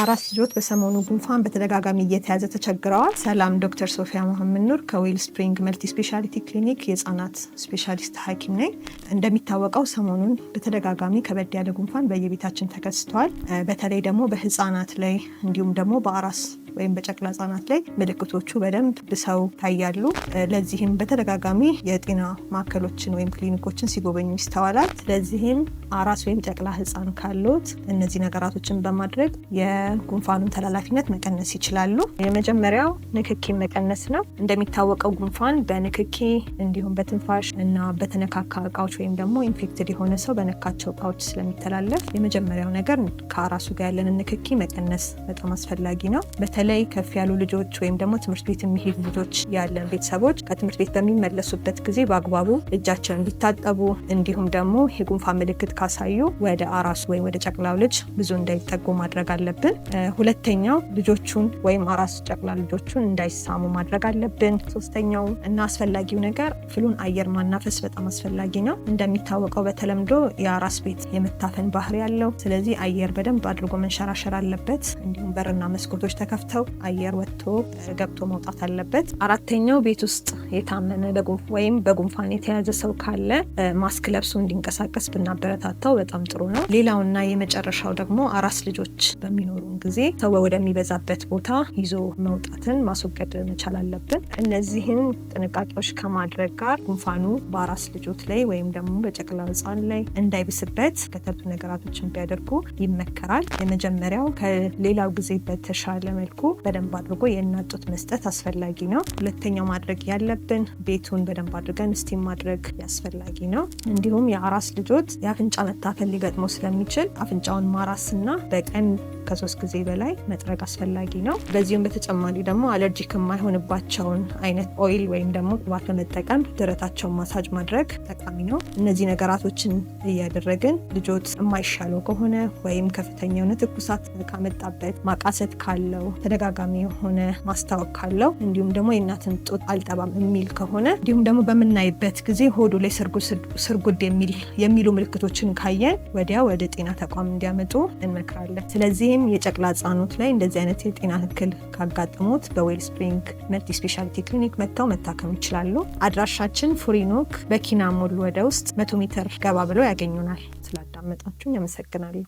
አራት ልጆች በሰሞኑ ጉንፋን በተደጋጋሚ እየተያዘ ተቸግረዋል። ሰላም፣ ዶክተር ሶፊያ መሐመድ ኑር ከዌል ስፕሪንግ መልቲ ስፔሻሊቲ ክሊኒክ የህፃናት ስፔሻሊስት ሐኪም ነኝ። እንደሚታወቀው ሰሞኑን በተደጋጋሚ ከበድ ያለ ጉንፋን በየቤታችን ተከስተዋል። በተለይ ደግሞ በህፃናት ላይ እንዲሁም ደግሞ በአራስ ወይም በጨቅላ ህጻናት ላይ ምልክቶቹ በደንብ ብሰው ይታያሉ። ለዚህም በተደጋጋሚ የጤና ማዕከሎችን ወይም ክሊኒኮችን ሲጎበኙ ይስተዋላል። ለዚህም አራስ ወይም ጨቅላ ህፃን ካሉት እነዚህ ነገራቶችን በማድረግ የጉንፋኑን ተላላፊነት መቀነስ ይችላሉ። የመጀመሪያው ንክኪ መቀነስ ነው። እንደሚታወቀው ጉንፋን በንክኪ እንዲሁም በትንፋሽ እና በተነካካ እቃዎች ወይም ደግሞ ኢንፌክትድ የሆነ ሰው በነካቸው እቃዎች ስለሚተላለፍ የመጀመሪያው ነገር ከአራሱ ጋር ያለንን ንክኪ መቀነስ በጣም አስፈላጊ ነው። በተለይ ከፍ ያሉ ልጆች ወይም ደግሞ ትምህርት ቤት የሚሄዱ ልጆች ያለን ቤተሰቦች ከትምህርት ቤት በሚመለሱበት ጊዜ በአግባቡ እጃቸውን እንዲታጠቡ እንዲሁም ደግሞ የጉንፋን ምልክት ካሳዩ ወደ አራሱ ወይም ወደ ጨቅላው ልጅ ብዙ እንዳይጠጉ ማድረግ አለብን። ሁለተኛው ልጆቹን ወይም አራሱ ጨቅላ ልጆቹን እንዳይሳሙ ማድረግ አለብን። ሶስተኛው እና አስፈላጊው ነገር ፍሉን አየር ማናፈስ በጣም አስፈላጊ ነው። እንደሚታወቀው በተለምዶ የአራስ ቤት የመታፈን ባህሪ ያለው፣ ስለዚህ አየር በደንብ አድርጎ መንሸራሸር አለበት። እንዲሁም በርና መስኮቶች ተከፍተው አየር ወጥቶ ገብቶ መውጣት አለበት። አራተኛው ቤት ውስጥ የታመመ ወይም በጉንፋን የተያዘ ሰው ካለ ማስክ ለብሶ እንዲንቀሳቀስ ብናበረታ የሚያበረታታው በጣም ጥሩ ነው። ሌላውና የመጨረሻው ደግሞ አራስ ልጆች በሚኖሩን ጊዜ ሰው ወደሚበዛበት ቦታ ይዞ መውጣትን ማስወገድ መቻል አለብን። እነዚህን ጥንቃቄዎች ከማድረግ ጋር ጉንፋኑ በአራስ ልጆች ላይ ወይም ደግሞ በጨቅላ ህፃን ላይ እንዳይብስበት ከተብ ነገራቶችን ቢያደርጉ ይመከራል። የመጀመሪያው ከሌላው ጊዜ በተሻለ መልኩ በደንብ አድርጎ የእናት ጡት መስጠት አስፈላጊ ነው። ሁለተኛው ማድረግ ያለብን ቤቱን በደንብ አድርገን ስቲም ማድረግ አስፈላጊ ነው። እንዲሁም የአራስ ልጆች የአፍንጫ መታከል ሊገጥሞ ስለሚችል አፍንጫውን ማራስና በቀን ከሶስት ጊዜ በላይ መጥረግ አስፈላጊ ነው። በዚሁም በተጨማሪ ደግሞ አለርጂክ የማይሆንባቸውን አይነት ኦይል ወይም ደግሞ ቅባት በመጠቀም ደረታቸውን ማሳጅ ማድረግ ጠቃሚ ነው። እነዚህ ነገራቶችን እያደረግን ልጆት የማይሻለው ከሆነ ወይም ከፍተኛ የሆነ ትኩሳት ካመጣበት፣ ማቃሰት ካለው፣ ተደጋጋሚ የሆነ ማስታወክ ካለው እንዲሁም ደግሞ የእናትን ጡት አልጠባም የሚል ከሆነ እንዲሁም ደግሞ በምናይበት ጊዜ ሆዱ ላይ ስርጉድ የሚሉ ምልክቶችን ምልክቶችን ካየን ወዲያ ወደ ጤና ተቋም እንዲያመጡ እንመክራለን። ስለዚህም የጨቅላ ህጻኖት ላይ እንደዚህ አይነት የጤና እክል ካጋጠሙት በዌል ስፕሪንግ መልቲ ስፔሻሊቲ ክሊኒክ መጥተው መታከም ይችላሉ። አድራሻችን ፉሪኖክ በኪና ሞል ወደ ውስጥ መቶ ሜትር ገባ ብለው ያገኙናል። ስላዳመጣችሁን ያመሰግናሉ።